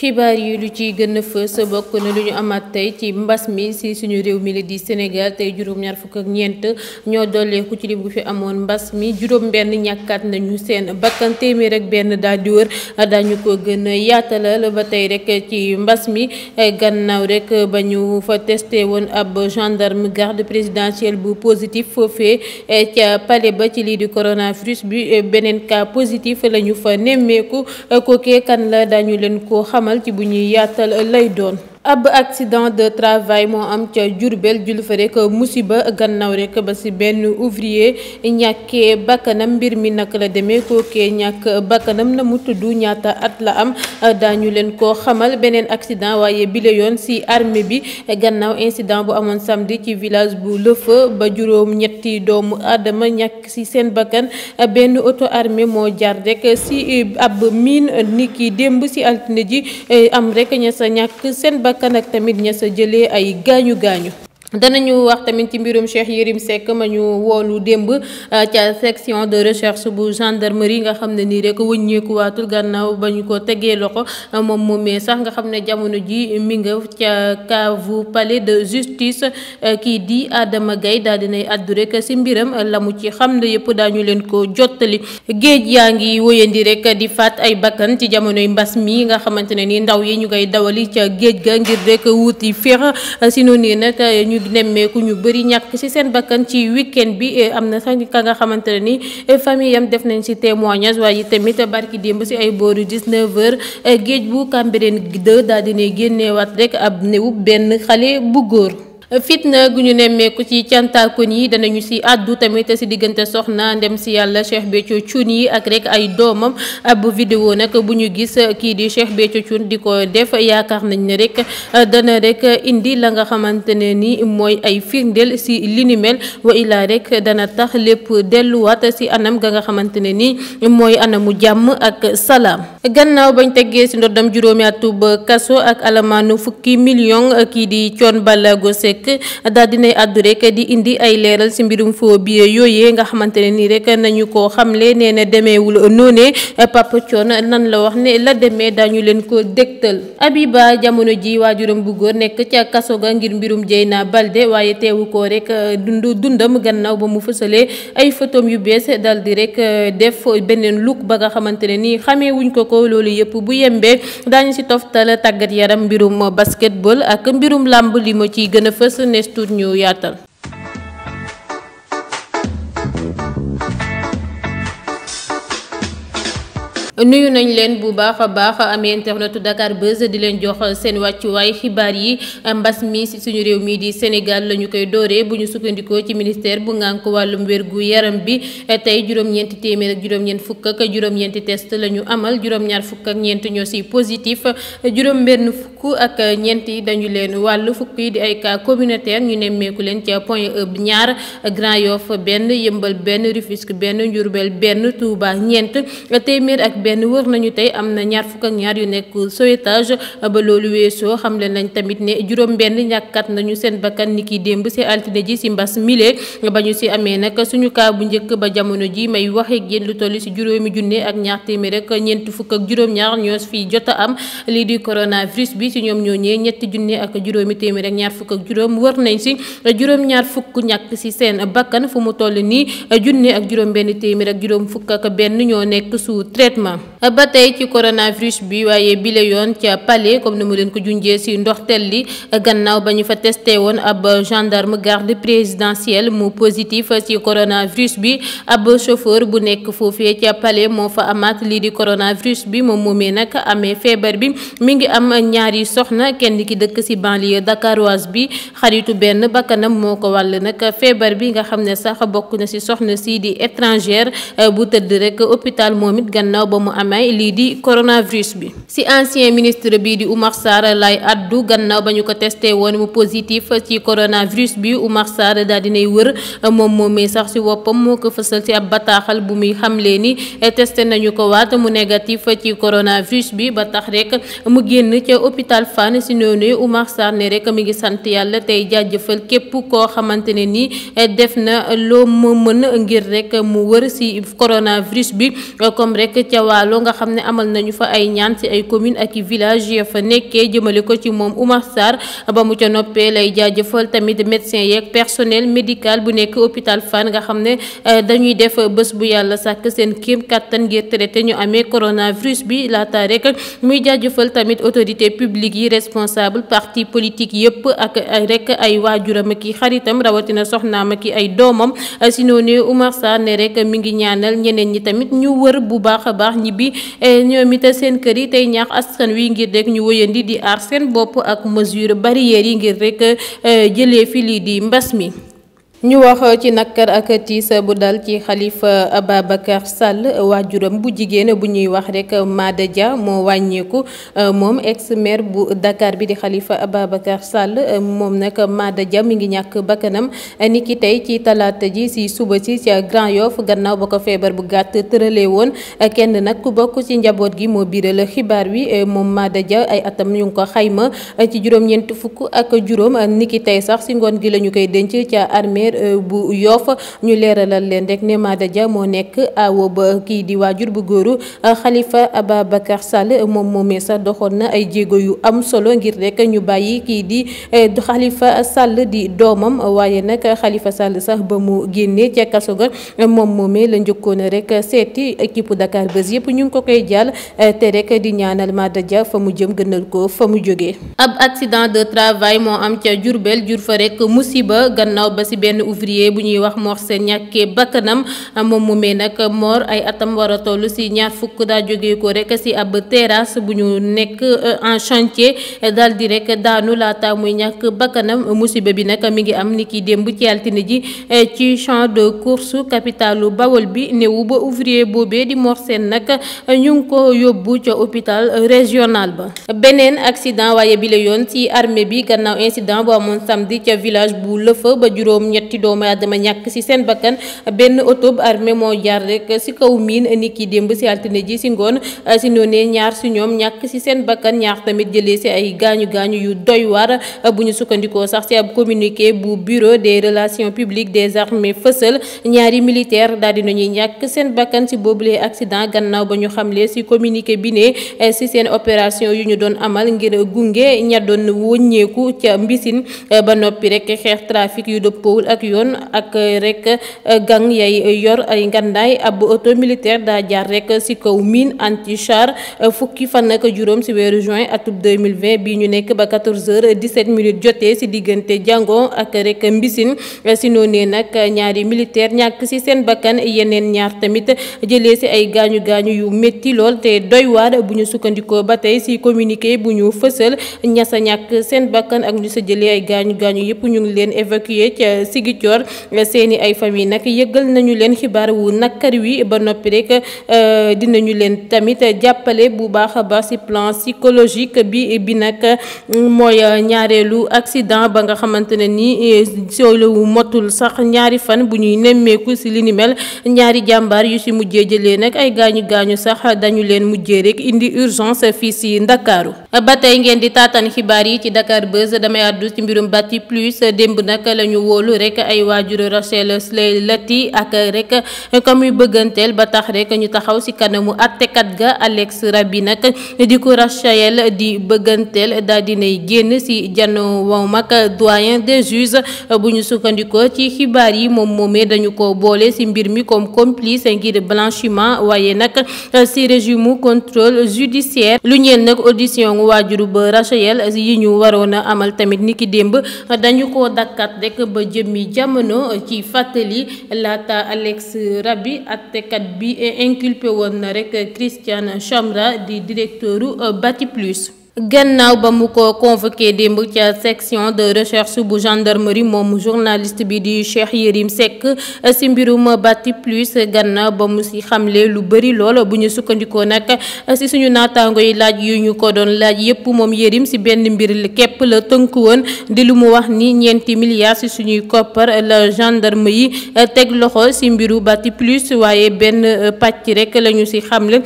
xibaar yi lu ci gën a fës bokk na lu ñu amaat tey ci mbas mi si suñu réew mi la di Sénégal tey juróom-ñaar fukk ak ñeent ñoo dolleeku ci lim bu fi amoon mbas mi juróom-benn ñàkkaat nañu seen bakkan téeméer ak benn daal di wër daañu ko gën a yaatalal ba tey rek ci mbas mi gannaaw rek ba ñu fa testé woon ab gendarme garde présidentielle bu positif foofee eh, ca palais ba ci lii di coronavirus bi eh, beneen cas positif la fa nemmeeku eh, kookee kan la daañu leen ko amal bu ñuy yaatal lay doon ab accident de travail moo am ca Diourbel jul fa rek musiba gannaaw rek ba si benn ouvrier ñàkkee bakkanam mbir mi nag la demee kookee ñàkk bakkanam na mu tudd ñaata at la am daañu leen koo xamal beneen accident waaye bile yoon si armée bi gannaaw incident bu amoon samedi ci village bu Lëfa ba juróom ñetti doomu aadama ñàkk si seen bakkan benn auto armée moo jaar rek si ab miin niki démb si altine ji am rek ña sa ñàkk seen bakkan bakkan ak tamit ña sa jëlee ay gaañu gaañu. danañu wax tamit ci mbirum Cheikh Yérim sekk ma ñu woolu démb euh, ca section de recherche bu gendarmerie nga xam ne nii rek wëññeekuwaatul gànnaaw ba ñu ko tegee loxo moom euh, moom moomee sax nga xam ne jamono ji mi nga ca cave palais de justice euh, kii di Adama Gaye daal dinay àddu rek si mbiram la mu ci xam ne yëpp daañu leen ko jottali géej yaa ngi wóyandi rek di faat ay bakkan ci jamonoy mbas mi nga xamante ne nii ndaw yi ñu ngay dawali ca géej ga ngir rek wuti ñu nemmeeku ñu bëri ñàkk ci seen bakkan ci weekend bi eh, am na sañ ka nga xamante ne ni eh, famille am def nañ ci témoignage waaye tamit barki démb ci ay booru 19h eh, géej bu Cambérène 2 daal dina génneewaat rek ab néew benn xale bu góor. fitna gu ñu nemmeeku ci cantaakon yi danañu si àddu tamit si diggante soxna ndem si yàlla Cheikh Béthio Thioune yi ak rek ay doomam ab vidéo nag bu ñu gis kii di Cheikh Béthio Thioune di ko def yaakaar nañ ne rek euh, dana rek indi la nga xamante ne ni mooy ay firndeel si li ni wa illaa rek dana tax lépp delluwaat si anam ga nga xamante ne ni mooy anamu jàmm ak salaam. gannaaw bañ teggee si ndoddam juróomi atub kaso ak alamaanu fukki million kii di Thione rek daal dinay àddu rek di indi ay leeral si mbirum faux billets yooyee nga xamante ne nii rek nañu koo xamle nee na demeewul noonee Papa Thione nan la wax ne la demee dañu leen ko dégtal Abiba jamono ji waajuram bu góor nekk ca kaso ga ngir mbirum naa balde waaye teewu ko rek eh, dund dundam gannaaw ba mu fësalee ay photom yu bees dal di rek eh, def beneen look ba nga xamante ne nii xamee ko ko loolu yëpp bu yembee daañu si toftal tàggat yaram mbirum basketball ak mbirum làmb li ciy gën a ba su nees tuut ñu yaatal. nuyu nañ leen bu baax a baax amee internetu Dakar Buzz di leen joxal seen wàccuwaay xibaar yi mbas mi suñu réew mii di Sénégal la ñu koy dooree bu ñu sukkandikoo ci ministère bu ngank wàllum wér yaram bi tey juróom-ñeenti téeméer ak juróom-ñeent fukk ak juróom-ñeenti la ñu amal juróom fukk ak ñeent ñoo ci positif juróom-benn fukk ak ñeent yi dañu leen wàll fukk di ay cas communautaire ñu nemmeeku leen ca Point E ñaar Grand Yoff benn Yëmbal benn Rufisque benn Njurbel benn Touba ñeent benn wër nañu tey am na ñaar fukk ak ñaar yu nekk sauvetage ba loolu weesoo xamle nañ tamit ne juróom benn ñàkkat nañu seen bakkan ni ki démb si altine ji si mbas mile ba ñu si amee nag suñu kaa bu njëkk ba jamono ji may wax ak lu toll si juróomi junne ak ñaar téeméer fukk ak juróom-ñaar ñoo fi jot am lii di coronavirus bi si ñoom ñoo ñee ñetti junne ak juróomi téeméer ñaar fukk ak juróom wër nañ si juróom-ñaar fukk ñàkk si seen bakkan fu mu toll nii junne ak juróom benn téeméer ak juróom fukk ak benn ñoo nekk sous traitement ba tey ci coronavirus bi waaye bile yoon ca palais comme ni mu leen ko junjee si ndoxtel li gannaaw ba ñu fa testé woon ab gendarme garde présidentielle mu positif si coronavirus bi ab chauffeur bu nekk foofee ca palais moo fa amaat lii di coronavirus bi moom moomee nag amee feebar bi mi ngi am ñaari soxna kenn ki dëkk si banlieue dakaroise bi xaritu benn bakkanam moo ko wàll nag feebar bi nga xam ne sax bokk na si soxna si di étrangère bu tëdd rek hôpital moom mu amee lii di coronavirus bi si ancien ministre bi di Oumar Sarr lay addu gannaaw ba ñu ko testé woon mu positif ci coronavirus bi Oumar Sarr daal dinay wër moom moomee sax si woppam moo ko fësal si ab bataaxal bu muy xamle ni testé nañu ko waata mu négatif ci coronavirus bi ba tax rek mu génn ca hôpital Fann si noonu Oumar Sarr ne rek mi ngi sant yàlla tey jaajëfal képp koo xamante ne ni def na loo ma mën ngir rek mu wër si coronavirus bi comme rek ca waa Waalo nga xam ne amal nañu fa ay ñaan ci ay commune ak i village ya fa nekkee jëmale ko ci moom Oumar Sarr ba mu ca noppee lay jaajëfal tamit médecin yeeg personnel médical bu nekk hôpital fan nga xam ne eh, dañuy def bés bu yàlla sàkk seen kéem kattan ngir traité ñu amee coronavirus bi laata rek muy jaajëfal tamit autorité publique yi responsable parti politique yëpp ak rek ay waajuram ki xaritam rawatina soxnaam ki ay doomam eh, si noonu ñibbi e ñoom it seen kër yi tey ñax askan wi ngir rek ñu wëyandi di aar seen bopp ak mesure barrières yi ngir rek e jële fii lii di mbas mi ñu wax ci nakkar ak tiis bu dal ci xalifa sàll waa waajuram bu jigéen bu ñuy wax rek Mada Dia moo wàññeeku moom exemer bu Dakar bi di xalifa Ababacar sàll moom nag Mada Dia mi ngi ñàkk bakkanam ni ki tey ci talaata ji si suba si ca Grand Yoff gannaaw ba ko feebar bu gàtt tëralee woon kenn nag ku bokk ci njaboot gi moo biiral xibaar wi moom Mada Dia ay atam ñu ngi ko xayma ci juróom-ñeent fukk ak juróom ni ki tey sax si ngoon gi la ñu koy denc ca armée maire euh, bu Yoff ñu leeralal leen rek ne Maada Dia moo nekk awo ba kii di waajur bu góoru euh, Khalifa Ababacar Sall moom moomee sax doxoon na ay jéego yu am solo ngir rek ñu bàyyi kii di xalifa euh, Sall di doomam waaye nag xalifa Sall sax ba mu génnee ca kaso moom moomee la njëkkoon rek seeti équipe Dakar Buzz yëpp ñu ngi ko koy jàll te rek di ñaanal Maada fa mu jëm gënal ko fa mu jógee ab accident de travail moo am ca Jurbel jur fa rek musiba gannaaw ba benn ouvrier bu ñuy wax Mor Sène ñàkkee bakkanam moom mu mee nag moor ay atam war a toll si ñaar fukk daa jógee ko rek si ab terrasse bu ñu nekk euh, en chantier daal di rek daanu laata muy ñàkk bakkanam musiba bi nag mi ngi am ni ki démb ci altine ji euh, ci champ de course capitalu Bawol bi néew ba ouvrier bobe di Mor Sène nag euh, ñu ngi ko yóbbu ca hôpital régional ba beneen accident waaye bi yoon ci armée bi gannaaw incident bu amoon samedi ca village bu Lëfa ci doom doomu aadama ñàkk ci seen bakkan benn oto bu moo jaar rek ci kaw miin ni ki démb ci altine ji ci ngoon ci noonee ñaar ci ñoom ñàkk ci seen bakkan ñaar tamit jëlee ci ay gaañu gaañu yu doy war bu ñu sukkandikoo sax ci ab communiqué bu bureau des relations publiques des armées fësal ñaari militaire daal dina ñuy ñàkk seen bakkan ci boobulee accident gannaaw ba ñu xamle ci communiqué bi ne ci seen opération yu ñu doon amal ngir gunge ña doon wëññeeku mbisin ba noppi rek ak yoon ak euh, rek euh, gang yay yor ay ngandaay ab oto militaire daa jaar rek ci kaw mine anti char euh, fukki fan ak juróom ci weeru juin atub 2020 bi ñu nekk ba 14 heures 17 minutes jotee ci diggante jàngo ak rek mbisin ci noonee nag ñaari militaire ñàkk ci seen bakkan yeneen ñaar tamit jëlee ci ay gaañu gaañu yu metti lool te doy waar bu ñu sukkandikoo ba tey ci communiqué bu ñu fësal ñasa ñàkk seen bakkan ak ñu sa jëlee ay gaañu gaañu yëpp ñu leen évacuer ca Ziguinchor eh, seen i ay famille nag yëgal nañu leen xibaar wu nakar wi ba noppi eh, dina ñu leen tamit jàppale bu baax a baax ci plan psychologique bi bi nag mm, mooy eh, ñaareelu accident ba nga xamante ne ni solowu motul sax ñaari fan bu ñuy nemmeeku ci li ni ñaari jàmbaar yu ci mujjee jëlee nag ay gaañu gaañu sax dañu leen mujjee rek indi urgence fii ci Ndakaaru ba tey ngeen di taataan xibaar yi ci Dakar Buzz damay àddu ci mbirum Bati Plus démb nag la rek ay waajur Rachel Slay ak rek ka bëgganteel ba tax rek ñu taxaw si kanamu attekat ga Alex Rabi nag di ko Rachel di bëgganteel daal dinay génn si jano waw mag doyen des juges bu sukkandikoo ci xibaar yi moom moomee dañu ko boole si mbir mi comme complice ngir blanchiment waaye nag si régime contrôle judiciaire lu ñeel nag audition waajuru ba Rachel yi ñu waroon amal tamit niki démb dañu ko dakkat rek ba jëmmi jamono euh, ci fàttali laata Alex Rabi attekat bi euh, inculpé woon na rek Christian Chamra di directeuru euh, plus gannaaw ba mu ko convoqué démb ca section de recherche bu gendarmerie moom journaliste bi di Cheikh Yérim Seck si mbirum Bati Plus gannaaw ba mu si xamle lu bëri lool bu ñu sukkandikoo nag si suñu naataango yi laaj yu ñu ko doon laaj yépp moom Yérim si benn mbir képp la tënku woon di lu mu wax ni ñeenti milliards si suñuy koppar la gendarme yi teg loxo si mbiru Bati Plus waaye benn pàcc rek lañu ñu si xamle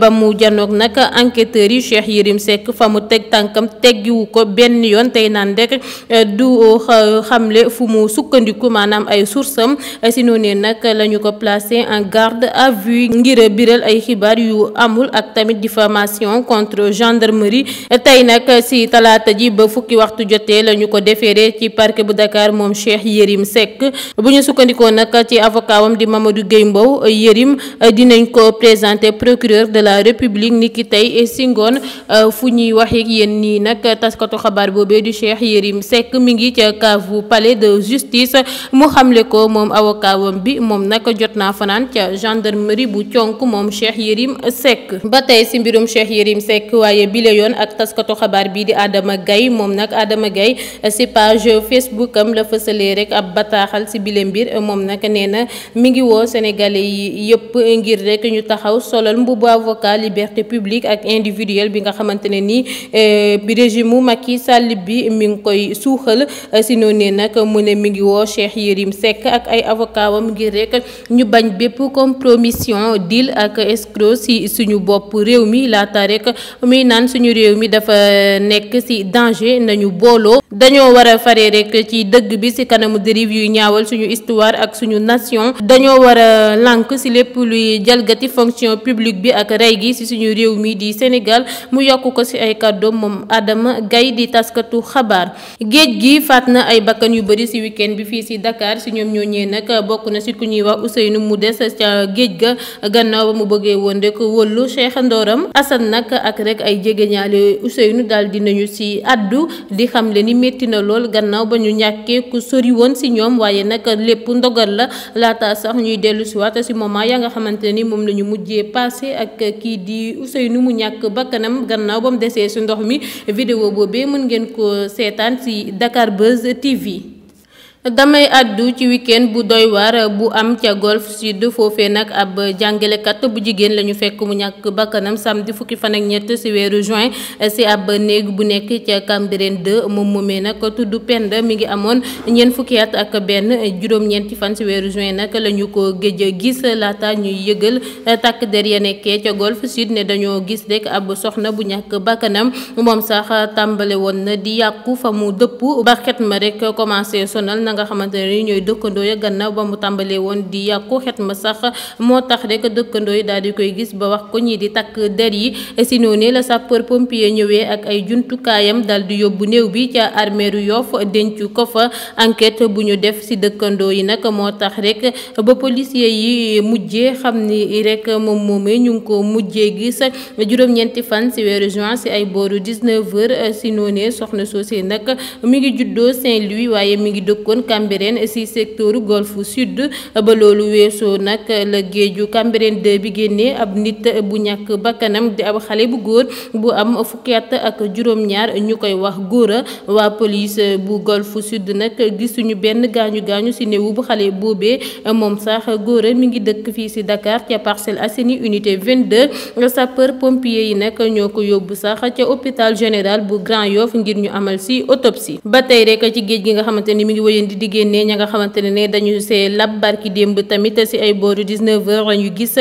ba mu janoog nag enquêteurs yi Cheikh mu teg tànkam teggiwu ko benn yoon tey naan rek eh, du eh, xamle fu mu sukkandiku maanaam ay source am eh, si nag la ñu ko placé en garde à vue ngir biral ay xibaar yu amul ak tamit diffamation contre gendarmerie tey nag si talaata ji ba fukki waxtu jotee la ñu ko déféré ci parc bu Dakar moom Cheikh Yérim Seck bu ñu sukkandikoo nag ci avocat wam di Mamadou Gueye Mbow Yérim dinañ ko présenté procureur de la République niki tey si fu ñuy wax ak yéen nii nag taskatu xabaar boobee du Cheikh Yérim Seck mi ngi ca cave palais de justice mu xamle ko moom avocat bi moom nag jot naa fanaan ca gendarmerie bu conk moom Cheikh Yérim Seck ba tey si mbirum Cheikh Yérim sekk waaye bile yoon ak taskatu xabaar bii di Adama gay moom nag Adama gay si page Facebook am la fësalee rek ab bataaxal si bile mbir moom nag nee na mi ngi woo sénégalais yi yëpp ngir rek ñu taxaw solal mbubu avocat liberté publique ak individuelle bi nga xamante Eh, régime mu Macky Sall bi mi ngi koy suuxal eh, si noonu nag mu ne mi ngi woo Cheikh Yérim sekk ak ay avocat wam ngir rek ñu bañ bépp compromission deal ak escroc si suñu bopp réew mi laata rek muy naan suñu réew mi dafa nekk si danger nañu booloo dañoo war a fare rekk ci dëgg bi si kanamu dérive yuy ñaawal suñu histoire ak suñu nation dañoo war a lànk si lépp luy jalgati fonction publique bi ak rey gi si suñu réew mi di Sénégal mu yokk ko si ay joxe kàddu moom Adama Gaye di taskatu xabaar géej gi faat na ay bakkan yu bëri si week bi fii si Dakar si ñoom ñoo ñee nag bokk na si ku ñuy wax Ousseynou mu des ca géej ga gannaaw ba mu bëggee woon rek wëllu Cheikh Ndoram Assane nag ak rek ay jegeñaale Ousseynou daal dinañu si addu di xam le ni métti na lool gannaaw ba ñu ñàkkee ku sori woon si ñoom waaye nag lépp ndogal la laata sax ñuy dellu si waat si yaa nga xamante ni moom la mujjee passé ci ndox mi vidéo boobee mën ngeen ko seetaan ci Dakar Buzz TV damay àddu ci week-end bu doy waar bu am ca golf sud foofee nag ab jàngalekat bu jigéen lañu fekk mu ñàkk bakkanam samedi fukki fan ak ñett ci weeru juin ci ab néeg bu nekk ca Cambérène de moom moomee nag tudd Penda mi ngi amoon ñeent fukki at ak benn juróom-ñeenti fan ci weeru juin nag la ñu ko géej a gis laata ñuy yëgal takk der ya nekkee ca golf sud ne dañoo gis rek ab soxna bu ñàkk bakkanam moom sax tàmbale woon na di yàqu fa mu dëpp ba xet ma rek commencé sonal. nga xamante ne ñooy dëkkandoo ya gannaaw ba mu tàmbalee woon di yàqu xet ma sax moo tax rek dëkkandoo yi daal di koy gis ba wax ko ñii di takk der yi si noonu la sapeur pompier ñëwee ak ay juntukaayam daal di yóbbu néew bi ca armeeru Yoff denc ko fa enquête bu ñu def si dëkkandoo yi nag moo tax rek ba policier yi mujjee xam ni rek moom moomee ñu ngi ko mujjee gis juróom-ñeenti fan si weeru juin si ay booru 19 heures si noonu soxna soosee nag Cambérène ci secteur golfe sud ba loolu weesoo nag la géeju Cambérène 2 bi génnee ab nit bu ñàkk bakkanam di ab xale bu góor bu am fukki at ak juróom-ñaar ñu koy wax góora waa police bu golfe sud nag gisuñu benn gaañu gaañu ci néewu bu xale boobee moom sax góora mi ngi dëkk fii ci Dakar ca Parcelles Assainies unité 22 sapeur pompier yi nag ñoo ko yóbbu sax ca hôpital général bu Grand Yoff ngir ñu amal ci autopsie ba tey rek ci géej gi nga xamante ngi wëyandi di génnee ña nga xamante ne ne dañu see lab barki démb tamit si ay booru 19 heures la ñu gis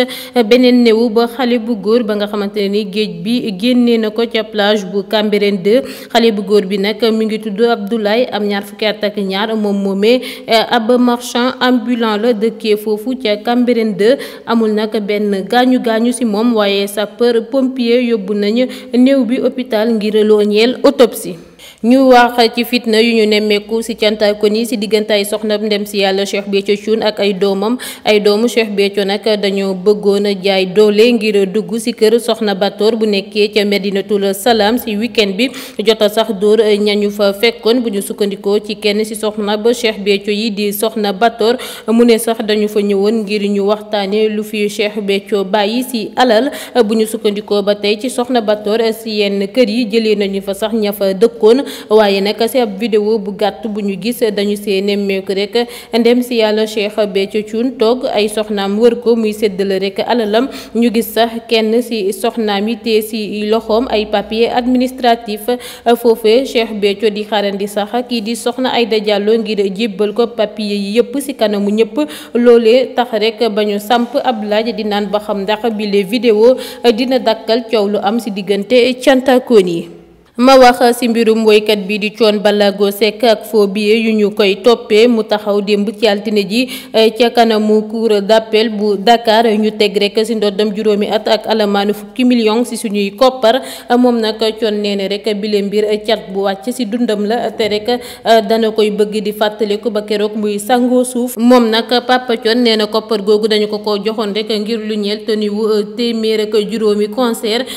beneen néew ba xale bu góor ba nga xamante ne ni géej bi génnee na ko ca plage bu Cambérène 2 xale bu góor bi nag mu ngi tudd Abdoulaye am ñaar fukki at ñaar moom moomee eh, ab marchand ambulant la dëkkee foofu ca Cambérène 2 amul nag benn gaañu gaañu si moom waaye sapeur pompier yóbbu nañu néew bi hôpital ngir loo ñeel autopsie ñu wax ci fitna yu ñu nemmeeku si cantaakon yi si diggante ay soxna ndem si yàlla Cheikh Béthio Thioune ak ay doomam ay doomu Cheikh Béthio nag dañoo bëggoon a jaay doole ngir dugg si kër soxna Batoor bu nekkee ca Salaam si weekend bi jota sax dóor ñañu fa fekkoon bu ñu sukkandikoo ci kenn ci soxna ba Cheikh Béthio yi di soxna Batoor mu ne sax dañu fa ñëwoon ngir ñu waxtaane lu fi Cheikh Béthio bàyyi si alal bu ñu sukkandikoo ba tey ci soxna Batoor si yenn kër yi jëlee nañu fa sax ña fa dëkkoon waaye nag si ab vidéo bu gàtt bu ñu gis dañu see nemmeeku rekk ndem si yàlla Cheikh Béthio Thioune toog ay soxnaam war ko muy séddale rek alalam ñu gis sax kenn si soxnaam yi te si loxoom ay papiye administratif foofe Cheikh Béthio di xarandi sax kii di soxna Aïda Diallo ngir jébbal ko papier yi yëpp si kanamu ñëpp loole tax rek ba ñu samp ab laaj di naan ba xam ndax bi les vidéo dina dakkal coow lu am si diggante cantakoon yi ma wax ci mbirum woykat bii di Thione Ballago Seck ak faux yu ñu koy toppee mu taxaw démb ci altine ji eh, ca kanamu cour d'appel bu Dakar ñu teg rek ci ndoddam juróomi at ak alamaanu fukki million ci suñuy koppar moom nag Thione nee na rek bile mbir cat bu wàcc ci dundam la te rek eh, dana koy bëgg di fàttaliku ba keroog muy sangoo suuf moom nag Papa Thione nee koppar googu dañu ko ko joxoon rek ngir lu ñeel tenu eh, téeméer ak juróomi concert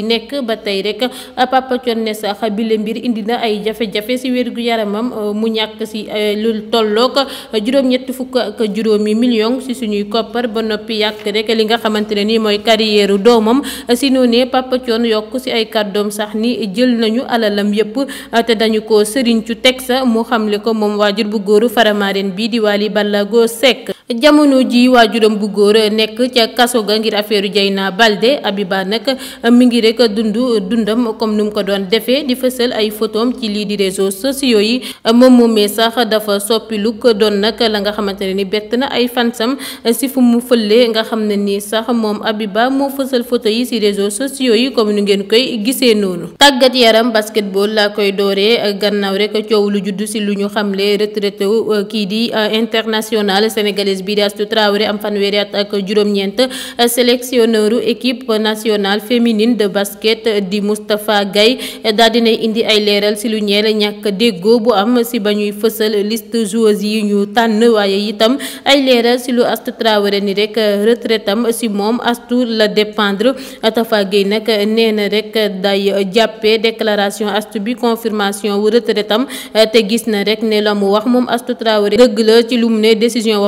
ci nekk ba tey rek Papa Thione sax bile mbir indi na ay jafe-jafe si wér gu yaramam mu ñàkk si eh, lu tolloog juróom-ñetti fukk ak juróomi million si suñuy koppar ba noppi yàq rek li nga xamante ne nii mooy carrière doomam si noonee Papa Thione yokk si ay kàddoom sax ni jël nañu alalam yëpp te dañu ko sëriñ cu teg sa mu xamle ko moom waajur bu góoru Faramareen bii di Wally Ballago Seck jamono ji waajuram bu góor nekk ca kaso ga ngir affaire Dieyna Baldé Abiba nag mu ngi rek dund dundam comme ni mu ko doon defee di fësal ay photom ci lii di réseaux sociaux yi moom moom moomee sax dafa soppi lu ko doon nag la nga xamante ne ni bett na ay fansam si fu mu fëlee nga xam ne nii sax moom Abiba moo fësal photo yi si réseaux sociaux yi comme ni ngeen koy gisee noonu tàggat yaram basketball laa koy dooree gannaaw rek coow lu judd si lu ñu xamle retraité kii di international sénégalais sénégalaise bii di Astou Traoré am fanweeri at ak juróom-ñeent sélectionneuru équipe nationale féminine de basket di Moustapha Gaye daal dinay indi ay leeral si lu ñeel ñàkk déggoo bu am si ba ñuy fësal liste joueuses yi ñu tànn waaye itam ay leeral si lu Astou Traoré ni rek retraitam si moom Astou la dépendre Tafa Gaye nag nee na rek day jàppee déclaration Astou bi confirmation wu retraitam te gis na rek ne la mu wax moom Astou Traoré dëgg la ci lu mu ne décision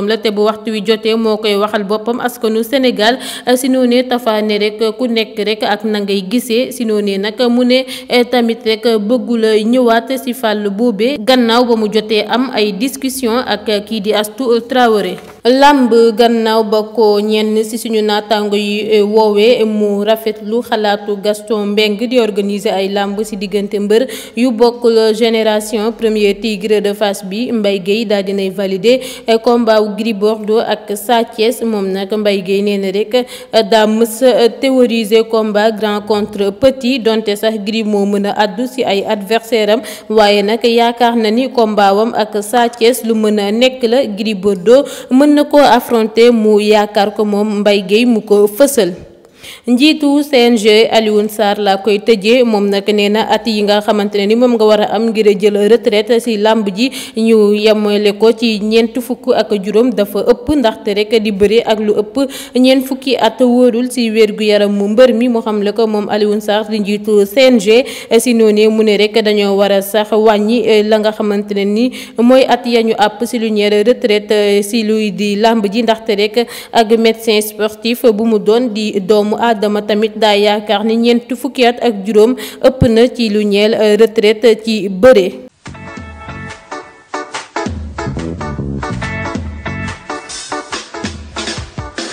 waxtu wi jotee moo koy waxal boppam askanu Sénégal si noonee tafaane rek ku nekk rek ak na ngay gisee si noonee nag mu ne eh, tamit rek bëggula ñëwaat si fàll boobee gannaaw ba mu jotee am ay discussion ak kii di astu Traoré lamb gannaaw ba ko ñenn ci suñu naataango yi eh, woowee mu rafetlu xalaatu Gaston mbeng di organiser ay làmb ci diggante mbër yu bokk génération premier tigre de Fass bi mbay Guèye daal dinay valider eh, combat wu Gris Bordeaux ak Sa moom nag mbay Guèye nee na rek eh, daa mës théoriser combat grand contre petit donte sax Gris moo mën a addu ci ay adversaire am waaye nag yaakaar na ni combat ak Sa lu mën a nekk la Gris Bordeaux mën na koo affronter mu yaakaar ko moom mbay Guèye mu ko fësal. njiitu CNG Alioune Sarr laa koy tëjee moom nag nee na at yi nga xamante ne ni moom nga war a am ngir jël retraite si làmb ji ñu yemale ko ci ñeent fukk ak juróom dafa ëpp ndaxte rek di bëri ak lu ëpp ñeent fukki at wóorul si wér gu yaram mu mbër mi moo xam xamle ko moom Alioune Sarr di njiitu CNG si noonu mu ne rek dañoo war a sax wàññi eh, la nga xamante ne ni mooy at ya ñu àpp si lu ñeer retraite eh, si luy di làmb ji ndaxte rek ak médecin sportif bu aadama tamit daa yaakaar ni ñeenti fukki ak juróom ëpp na ci lu ñeel euh, retraite ci bëre.